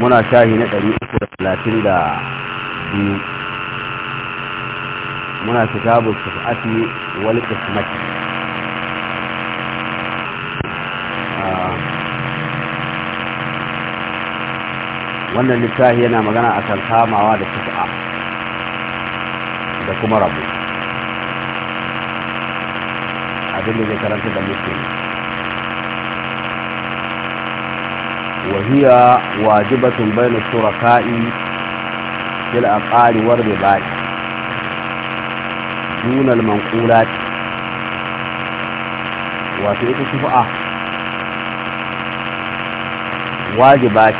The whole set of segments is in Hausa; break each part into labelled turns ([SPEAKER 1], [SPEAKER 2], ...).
[SPEAKER 1] muna shahi na da 332 muna kitabu sufati wal kismati ah. wannan littafi yana magana a kan kamawa da kifa da kuma rabu abin da zai karanta da musulmi وهي واجبة بين الشركاء في الأقال والرباط دون المنقولات وفي الشفاء واجبات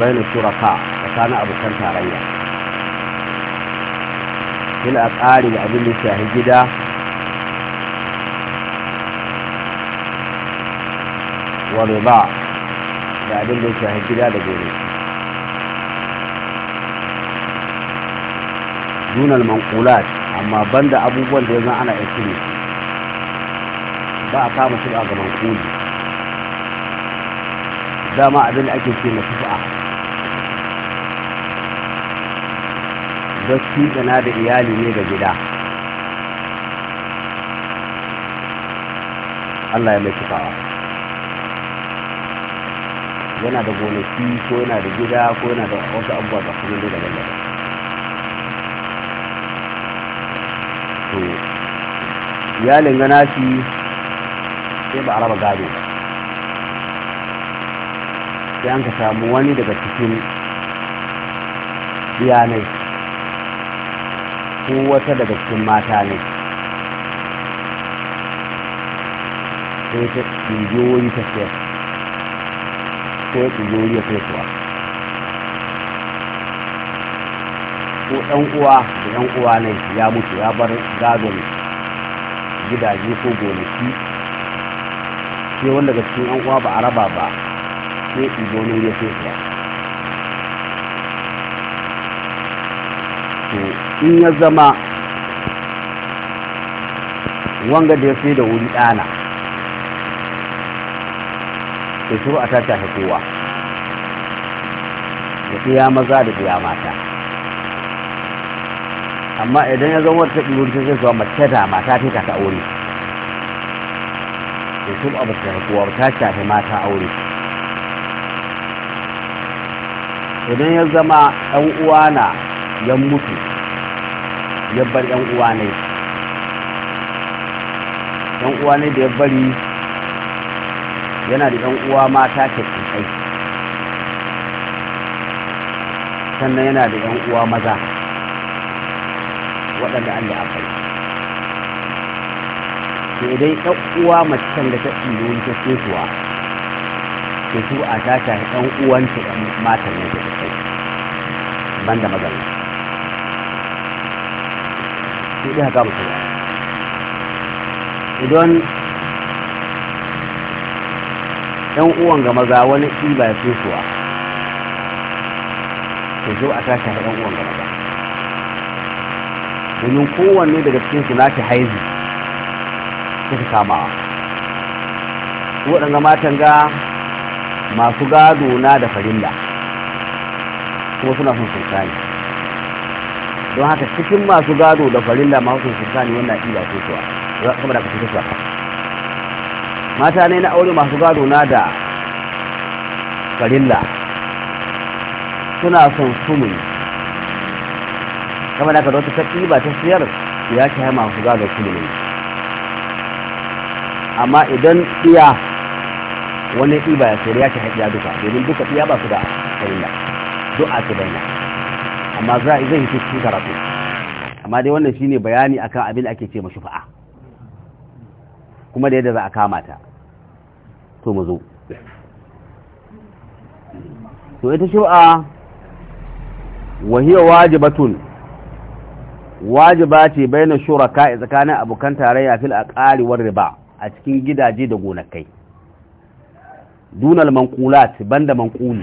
[SPEAKER 1] بين الشركاء وكان أبو كنت عليها في الأقال لأبن الشاهد جدا wani ba da abin da shahin gida da gobe dunar mankulat amma banda abubuwan da ya zan ana ikini ba a kama shi ga mankuli dama abin da ake ce na fifa don na da iyali ne da gida Allah ya mai cikawa yana da gonaki ko yana da gida ko yana da wasu abubuwa da kuma da daga daga to iyalin lingana shi sai ba araba gado sai an ka samu wani daga cikin iyanai ko wata daga cikin mata ne sai ta ɗingiyoyi ta siyar ya tsoro ya kai kuwa ko ɗan uwa da ɗan uwa ne ya mutu ya bar gadon gidaje ko gonaki sai wanda ga cikin ɗan uwa ba a raba ba sai tsoro ne ya kai kuwa in ya zama wanga da ya sai da wuri ɗana to a tata shafi kowa da ɗiya maza da ɗiya mata amma idan ya zama ta ɗiwuri ta zai zuwa mace da mata ta ta aure da su ba ta shafi kowa ta shafi mata aure idan ya zama ɗan uwa na ya mutu ya bar ɗan uwa ne ɗan uwa ne da ya bari yana da uwa mata kai, sannan yana da uwa maza waɗanda an da abai ke idan uwa macen da ta ɗin ta tsefuwa ke su a ta ta ɗan uwanta da matan nan da kai, ban da mazan nan. Idan yan uwan ga maza wani ɗiba ba su suwa to zo a tashi yan uwan ga maza domin kowanne daga cikin su nashi haizi suka kamawa waɗanda matan ga masu gado na da farilla kuma suna son sultani don haka cikin masu gado da farilla masu sultani wannan ɗiba ko suwa kuma da kasu suwa mata ne na aure masu gado na da farilla suna son sumun kama da karo ta tafi ba ta siyar ya ci haima masu gado ne amma idan iya wani iba ya sayar ya ci haɗiya duka domin duka iya ba su da farilla duk a daina amma za a zai hito cikin karatu amma dai wannan shine bayani akan abin da ake ce fa'a kuma da yadda za a kama ta to mu zo to ita shub'a wahiya wajibatun wajiba ce bayanin shuraka tsakanin abokan tarayya fil aqari war riba a cikin gidaje da gonakai dunal manqulat banda manquli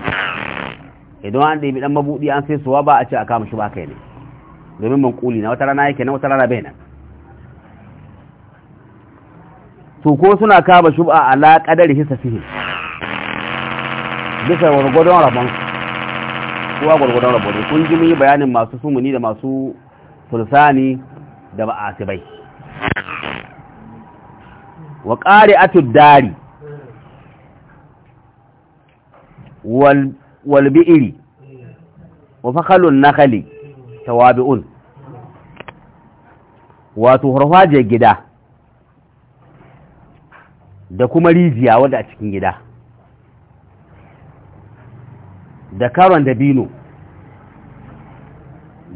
[SPEAKER 1] idan an ɗebi dan mabudi an sai suwa ba a ce a kama shi ba kai ne domin manquli na wata rana yake na wata rana bai nan to ko suna kama shub'a ala hisa fihi bisa gwargwadon rabon kuwa gwargwadon rabon kun ji mun yi bayanin masu sumuni da masu fulsani da ba'asibai wa ƙari dari wal wal bi'ri wa fakhalun ta tawabi'un wato hurfaje gida da kuma rijiya wadda a cikin gida da karon da bino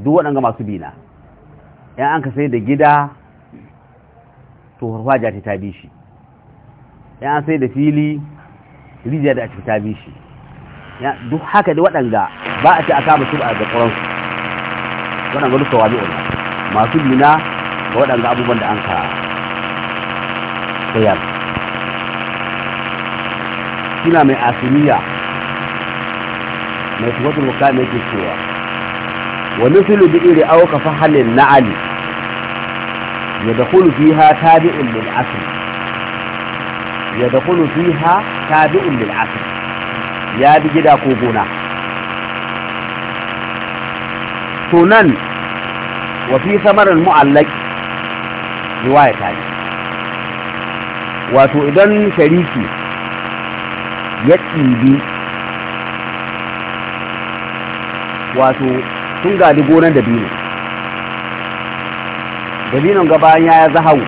[SPEAKER 1] duk waɗanga masu bina yan an ka sai da gida to jati ta bi shi yan an sai da fili rijiya da a cikin ta bi shi duk haka da waɗanga ba a ce a kama su a da ƙoransu waɗanga duka wabi masu bina da waɗanga abubuwan da an ka koyar suna mai asimiya mai tuwatul wuka ne ke cewa wa nufilu bi iri aw ka fahalin na'ali yadkhulu fiha tabi'un lil asl yadkhulu fiha tabi'un lil asl ya bi gida ko gona to nan wa fi samarar mu'allaq riwaya ta wato idan shariki ya ɗibi wato sun gadi gonan dabino dabinon ga bayan ya zahau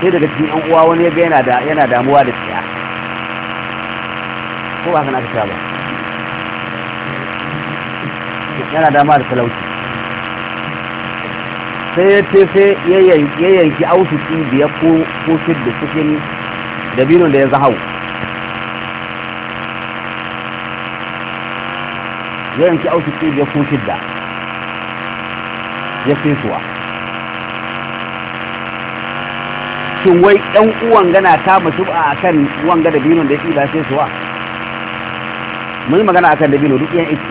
[SPEAKER 1] sai daga cikin yan uwa wani ya ga yana da yana damuwa da tsaya ko ba kana ta ba yana damuwa da talauci sai ya sai ya yanki ausu biyar ko ko da cikin dabinon da ya zahau ya yanki auki tsibiya kukin da ya fesuwa shin wai ɗan uwan gana ta mutu a kan uwan da binon da ya ɗiba fesuwa mun yi magana kan da bino duk yan iki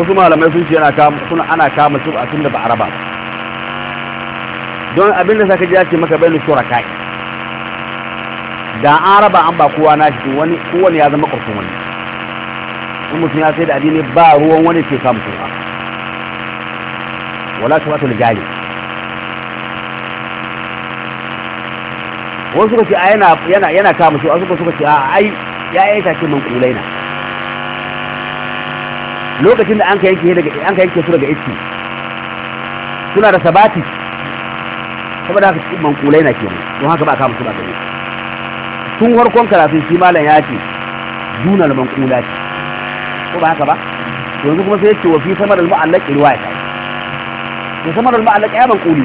[SPEAKER 1] wasu malamai sun ce ana kama su a tun da ba araba don abinda saka ji ya ce maka bai ni shuraka'i da an raba an ba kowa na shi wani kowane ya zama ƙarfin wani in mutum ya sai da addini ba ruwan wani ke samu kowa wala ta wata lijali wasu suka ce a yana yana yana kama shi wasu suka ce a ai ya ta ce mun kulai na lokacin da an ka yanke daga an ka yanke su daga iski suna da sabati saboda haka man kulai na kenan don haka ba kama su ba gare tun harkon karatun shi malam ya ce dunal manqula ce ko ba haka ba to yanzu kuma sai yake wa fi samar al mu'allaq riwaya ta to samar al mu'allaq ya manquli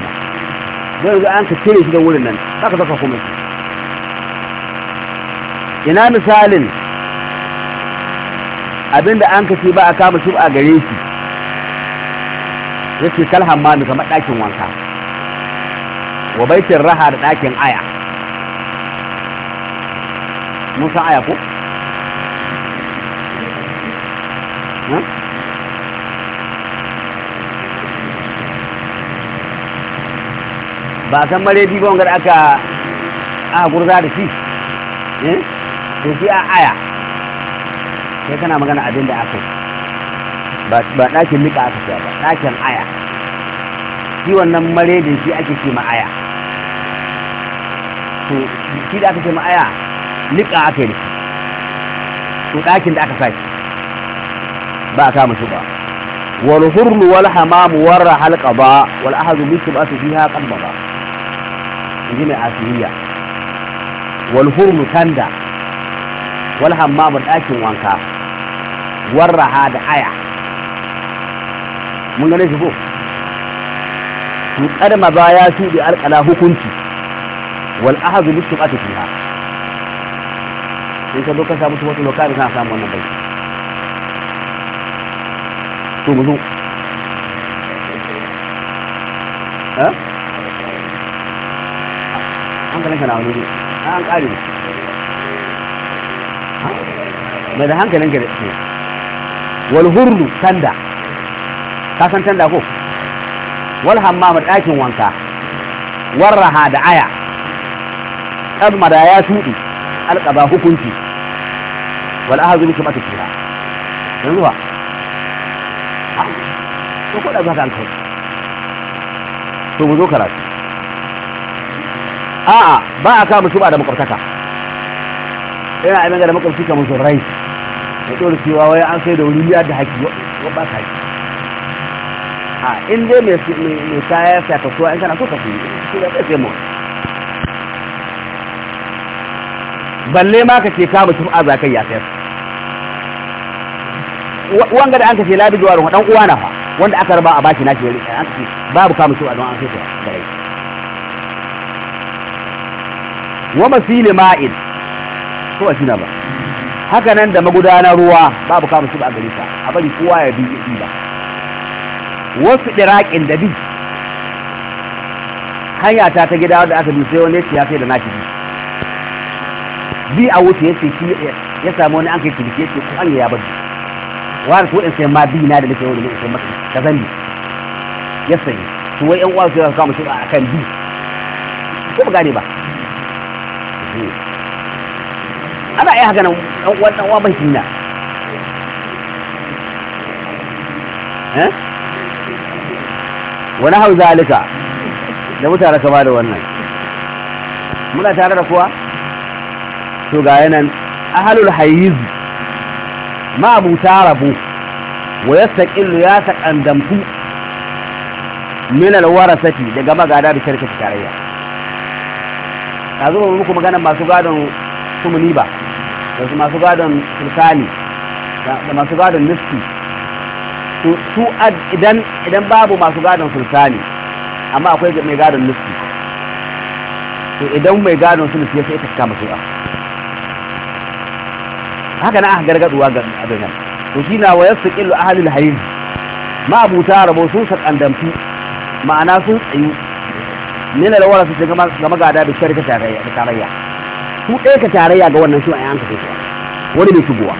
[SPEAKER 1] dan yanzu an ka cire shi da wurin nan haka saka kuma ina misalin abinda an ka ce ba a kama shi a gare shi yace kalhan ma kamar dakin wanka wa baitin raha da dakin aya musa aya ko ba san maredi ba wangar aka a gurza da shi eh to shi a aya sai kana magana abin da aka ba ba ɗakin mika aka ce ba ɗakin aya shi wannan da shi ake ce ma aya to shi da aka ce ma aya liƙa aka yi da shi to ɗakin da aka sa ba a kama shi ba wal hurlu wal hamamu warra halqa ba wal ahadu bisu ba su fiha qalba ba inji mai asiriya wal hurlu tanda wal hamamu ɗakin wanka warra ha da aya mun gane shi ko to kadama ba ya shuɗe alƙala hukunci wal ahadu bisu ba su fiha in ka zo ka samu tumatul wakari kana samu wannan bai to mu zo eh? ah, an kana kana wani an kari mai da hankalin ka da wal hurlu tanda ka san tanda ko wal hammam ɗakin wanka warraha da aya kadma da ya tuɗi alƙaba hukunci wal ahadu bi kamata kira yanzu ba to ko da zaka ka to mu zo karatu a'a ba a kama shuba da makwabtaka ina abin da makwabci kamar sun rai da tsoro cewa wai an sai da wuri ya da haƙi ba ka haƙi a in dai mai ya ta kasuwa in kana so ka fi shi da sai mu balle ma ka ce ka mutum aza kai ya sayar wanga da an ka ce labi juwarun dan uwa na fa wanda aka raba a bashi na shi an ka ce babu ka mutum a don an sai da rai wa masili ma'in ko a shina ba haka nan da magudanar ruwa babu ka mutum a gari ka a bari kowa ya bi yi ba wasu diraƙin da bi hanya ta ta gida wadda aka bi sai wani ya ce ya sai da naki bi bi a wuce ya ce shi ya samu wani an kai ciniki ya ce ko an ya bari wani ko in sai ma bi na da nake wani mai sai masa ka zan ya sanyi to wai yan uwa su yawa kama shi a kan bi ko ba gane ba ana iya haka nan ɗan uwa uwa ban shi na eh? wani hau zalika da mutane kama da wannan muna tare da kuwa to ga yanan ahalul hayyiz ma abuta rabu wa yastaqillu ya taqandamtu min alwarasati daga magada da shirkati tarayya yanzu ba muku magana masu gadon sumuni ba da masu gadon sultani da masu gadon niski su idan idan babu masu gadon sultani amma akwai mai gadon nisfi to idan mai gadon sultani ya sai ita kama su'a haka na aka gargaduwa ga abin nan to shi na wayar su ƙillu halin hayin ma'abuta rabo sun sakandamtu ma'ana sun tsayu na da su sun gama gada da shirka tarayya su ɗaya ka tarayya ga wannan shi a yanka kai wani mai shigowa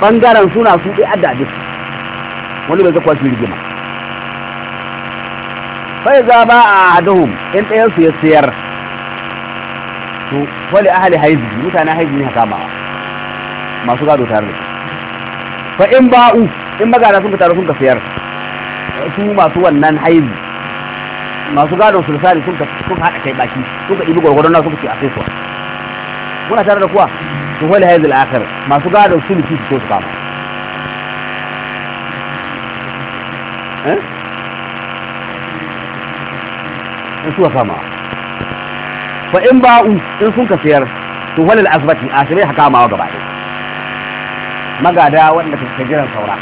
[SPEAKER 1] ɓangaren suna su ɗaya adda duk wani bai zakwa su rigima sai za ba a hadahum in su ya sayar to wani ahali haizi mutane haizi ne haka mawa masu gado tare da fa in ba'u in magana sun tare taro sun ka siyar su masu wannan haizi masu gadon sulsari sun ka sun haɗa kai baki sun ka ɗibi gwargwadon na sun ka ce a sai suwa muna tare da kuwa su wani haizu al'akar masu gadon sulki su ko su kama eh? in suka kama fa in ba'u in sun ka siyar to wani al'asbati a shirai haka ma gaba ɗaya magada wanda ke jiran saura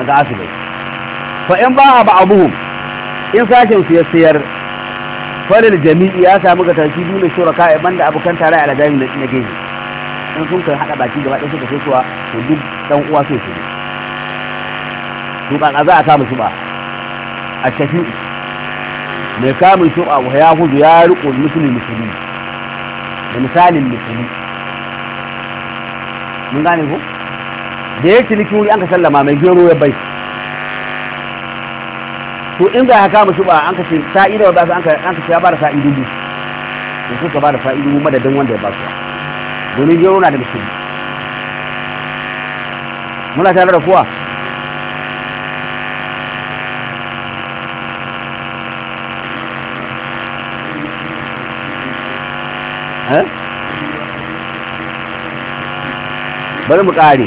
[SPEAKER 1] daga asibai fa in ba ba buhu. in sashen su ya sayar falil jami'i ya samu ga tarki dole shuraka ban da abokan tare a lagari na gehe in sun kai hada baki gaba ɗaya suka so suwa to duk dan uwa so su to ba za a samu su ba a tafi mai kamun su wa ya hudu ya riƙo musulmi musulmi da misalin litini mun gane ku da ya liki wuri an ka sallama mai gero ya bai to in za ka kama shi ba an ka ce sa'i ba su an ka ce ya ba da sa'i dubu to suka ba da sa'i dubu madadin wanda ya ba su domin gero na da misali muna tare da kuwa bari mu kare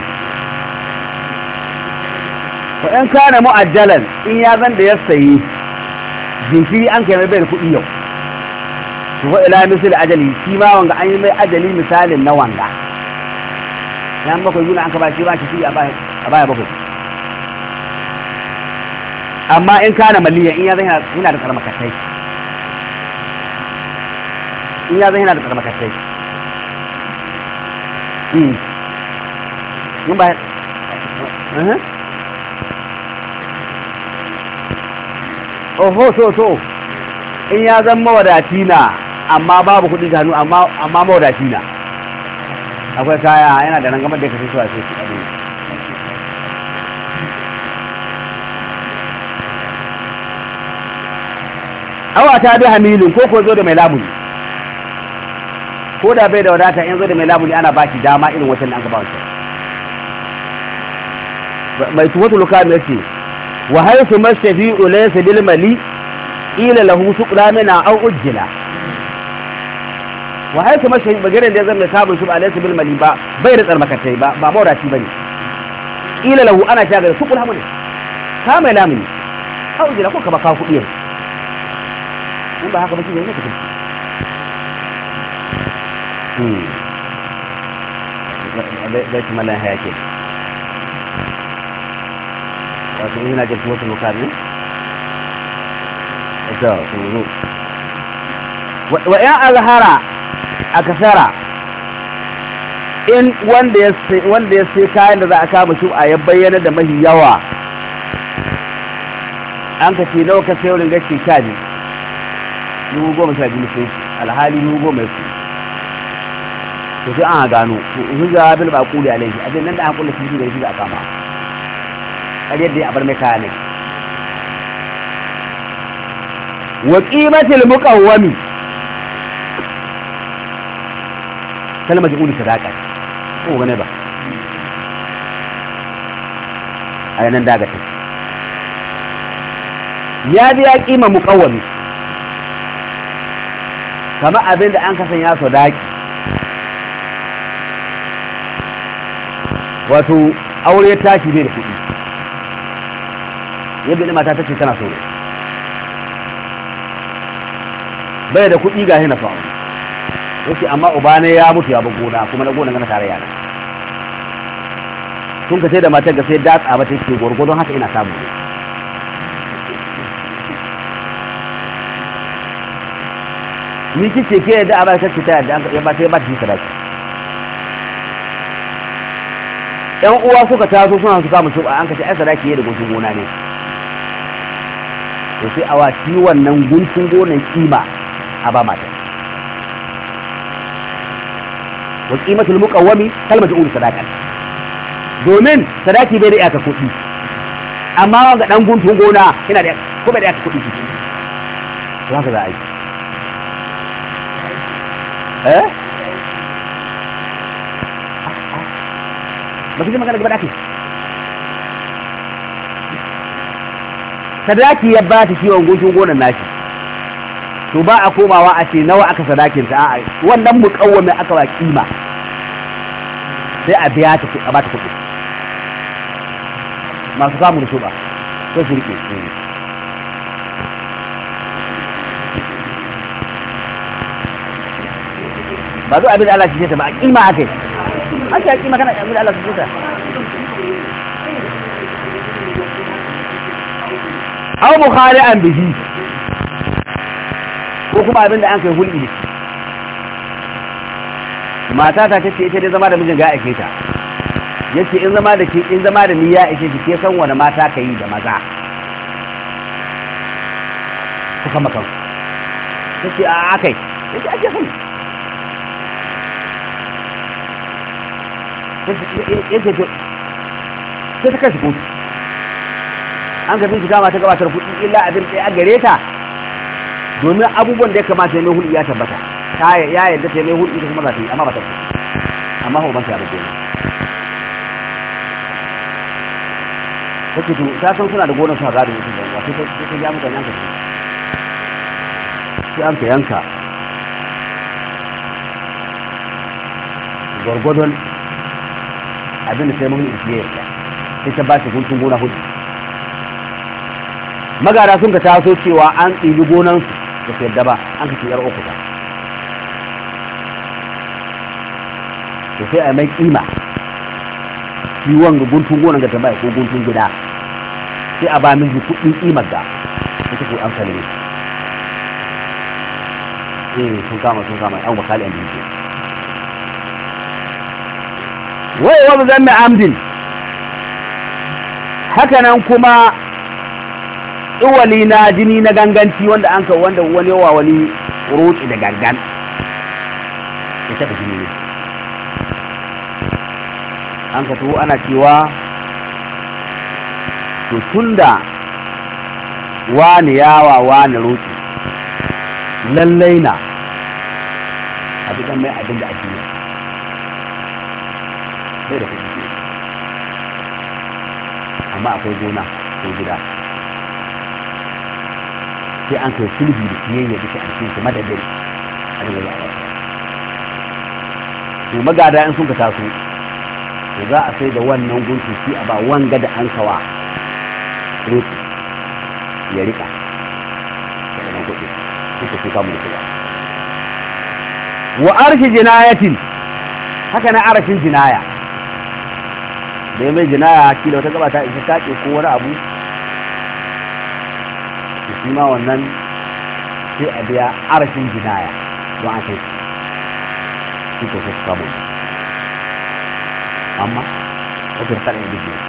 [SPEAKER 1] ko in kana mu'ajjalan in ya zan da ya sayi jinkiri an kai mai bayar kuɗi yau to ko ila misal ajali shi ma wanga an yi mai ajali misalin na wanga yan bakwai guna an ka ba shi ba shi a baya bakwai amma in kana maliyan in ya zan yana da karmakatai in ya zan yana da karmakashai hmm. in ba oho so so in ya zan mawadaci na amma babu kudin hannu amma mawadaci na akwai kaya yana da nan gama da ya kashe su a sai awa ta bi hamilin ko ko zo da mai lamuni ko da bai da wadata in zo da mai labuli ana baki dama irin watan da an gaba wancan mai tuwatu luka mai ce wa haifu mashafi ulaysa bil mali ila lahu suqramina aw ujjila wa haifu mashafi bagaren da ya zama sabon ba alaysa bil mali ba bai da tsarmakatai ba ba ba bane ila lahu ana shagar suqul hamuni ka mai lamuni aw ujjila ko ka baka kuɗi in ba haka ba shi ne ka tafi baitul malan haya ke Wasu ina jin tuwatu mukamin ita suru wa ya azhara akasara in wanda ya wanda sai kayan da za a kama shi a ya bayyana da mahi yawa an ka ce nawa ka sayo ringar ce sha biyu dubu goma sha biyu sai alhali dubu goma ya to sai an gano to sun ga bil baquli alaihi a nan da an kula shi da shi da kama ƙaryar yadda ya bar mai kaya ne wa qimatil muqawwami kalmar ji uli sadaka ko gane ba a yanan dagatin ya biya mu muqawwami kama abin da an kasan ya sadaki wato aure ta shi bai da kuɗi yadda ne mata ta ce tana so bai da kuɗi ga hina fa'a yake amma uba ne ya mutu ya bar gona kuma na gona gana tare yana sun ka sai da matar ga sai datsa ba ta ce gwargwadon haka ina samu ni kike ke da a ba ta ce ta yadda ya ba ta yi ba ta yi sadaki yan uwa suka taso suna su kama a an kace ai sadaki yi da guntun gona ne to sai awa shi wannan guntun gonan kima a ba mata wa qimatul muqawwami kalmatu ul sadaqan domin sadaki bai da iyaka kuɗi amma ga dan guntun gona yana da ko bai da iyaka kuɗi kuma ka za a yi eh ba ji magana gaba daki sadaki ya ba ta kiwon gunkin gonan nashi to ba a komawa a ce nawa aka sadakin ta a'a wannan mukawwami aka ba kima sai a biya ta a ba ta kuɗi masu samun da shuba sai su rike ba zo abin da Allah shi ta ba a kima aka yi ake yaki magana ɗan Allah su tuta aw bukhari an bihi ko kuma abin da an kai hulɗi mata ta ce ita dai zama da mijin ga ake ta yace in zama da ke in zama da ni ya ake ki ke san wani mata ka yi da maza ku kama kan yace a akai yace ake sani sai ta kashi kotu an ka bincika mata gabatar kuɗi illa abin ɗaya a gare ta domin abubuwan da ya kamata ya mai hulɗi ya tabbata ya yarda ta mai hulɗi ta kuma za ta yi amma ba ta amma hau banta abin kenan ta ce to ta san suna da gonar sa gado mutum yanka sai ta ja mutane yanka sai an ka yanka gwargwadon abinda sai mun ishe ya sai ta ba shi guntun gona hudu magara sun ka taso cewa an ɗibi gonansu da su yarda ba an ka yar uku ba to sai a mai kima kiwon ga guntun gonan ga tambaya ko guntun gida sai a ba miji kuɗin kimar da ita ko an ne eh sun kama sun kama an wakali an bincike wai wani zanne amdin hakanan kuma tsuwali na jini na ganganci wanda an kawo wanda wani yawa wani roƙi da gangan ya taɓa jini ne an ka ana cewa to da wani yawa wani roƙi lallai na a mai abin da ake yi sai da kuɗi amma akwai gona ko gida sai an kai sulhi da kiyayya duka a cikin kuma da dare a daga yawa su magada in sun ka taso to za a sai da wannan gunki shi a ba wanga da an kawa rufi ya riƙa da ɗan kuɗi suka fi kamun kuɗa wa arshi jinayatin haka na arashin jinaya da ya mai jinaya kila wata gaba ta isa take ko wani abu shi ma wannan sai a biya arashin jinaya don a kai shi ko sai kamun amma wajen sanin da biyu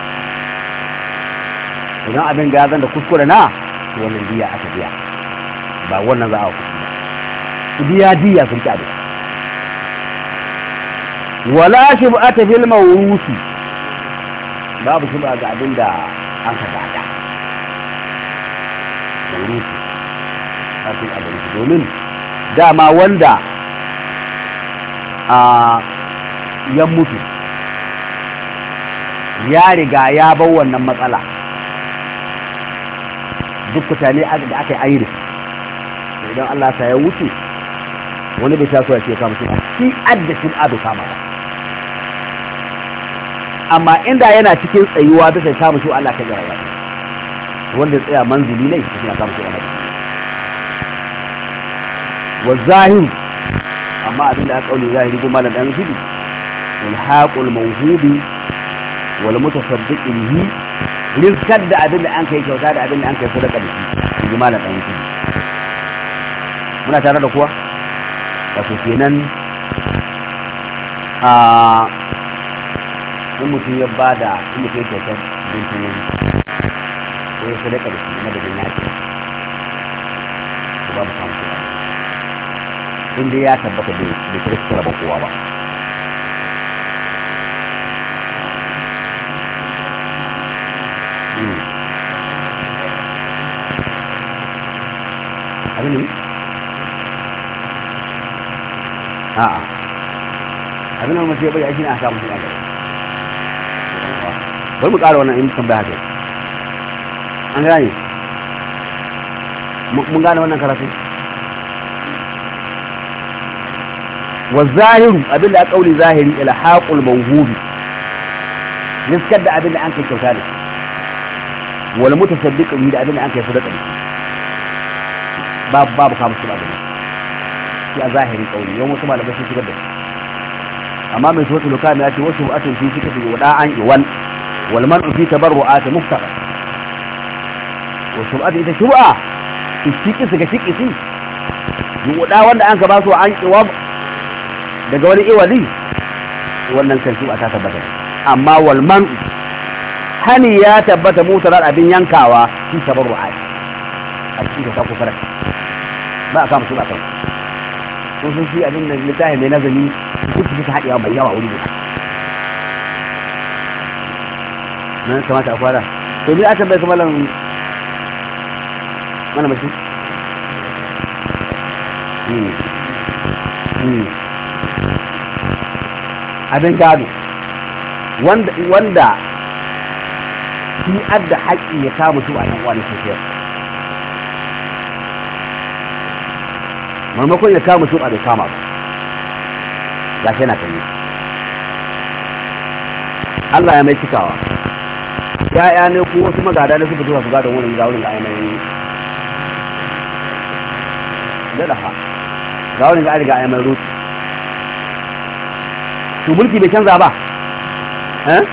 [SPEAKER 1] idan abin ga zan da kuskure na to wannan biya aka biya ba wannan za a kuskure ba biya diya sun ci abin wala shi ba ta filma wuti. babu shi ba ga abin da da ka gada kafin abin domin dama wanda a ya mutu ya riga ya bar wannan matsala duk kutane da aka yi ayyuri idan Allah ta ya wuce wani bai ta ce ya ce shi adda shi adu kama ba amma inda yana cikin tsayuwa bisa samu shi Allah ka jarraba wanda tsaya manzuli ne shi samu shi Allah wa zahir amma abinda aka kauli zahiri kuma da dan zubi wal haqul mawhubi wal mutasaddiq bihi rizqan da abinda an kai kyauta da abinda an kai sadaka da shi kuma da dan zubi muna tare da kuwa wato kenan a in mutum ya ba da in mutum ya kyautar don wani ko ya sadaka da shi madadin yaki ko babu samun kuɗa in dai ya tabbata bai kirista kowa ba hmm. abin da a'a abin da mace ya bari mu ƙara wannan in tambaya haka an gane mun gane wannan karatu wa zahiru abin da kauli zahiri ilhaqul mawhubi niskar da abin da an kai kyauta ne wal mutasaddiq bi da abin da an kai sadaqa ne babu babu kamu su abin shi a zahiri kauli yan wasu malamai sun shigar da amma mai suratul kamil ya ce wasu atun fi shi kafi wa da'an iwan والمرء في تبرعات مفتقر والسمعة إذا شرعة الشيكس كشيكسي يودا وانا أنك an عن daga wani iwali wannan kan shu'a ta tabbata amma walman hani ya tabbata mutarar abin yankawa shi tabarru a a cikin ka ku farka ba a samu shu'a kan sun shi abin da littafi mai nazari duk su haɗewa mai yawa wuri guda nan kamata a fara to ni aka bai kamalan mana mashi abin gado wanda wanda shi adda haƙƙi ya kama su a yan uwa ne sosai maimakon ya kama su a bai kama su ga shi na kanyi Allah ya mai cikawa ya'ya ne ko wasu magada ne suka zuwa su gada wurin ga wurin ga ainihin da dafa ga wurin ga ainihin ga ainihin rutu su mulki bai canza ba eh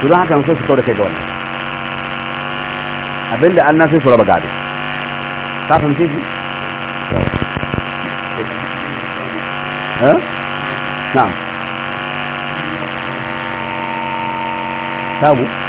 [SPEAKER 1] to don haka sai su kawo da kai ga wannan abinda an nasu su raba gado ta fahimce shi eh na'am
[SPEAKER 2] sabu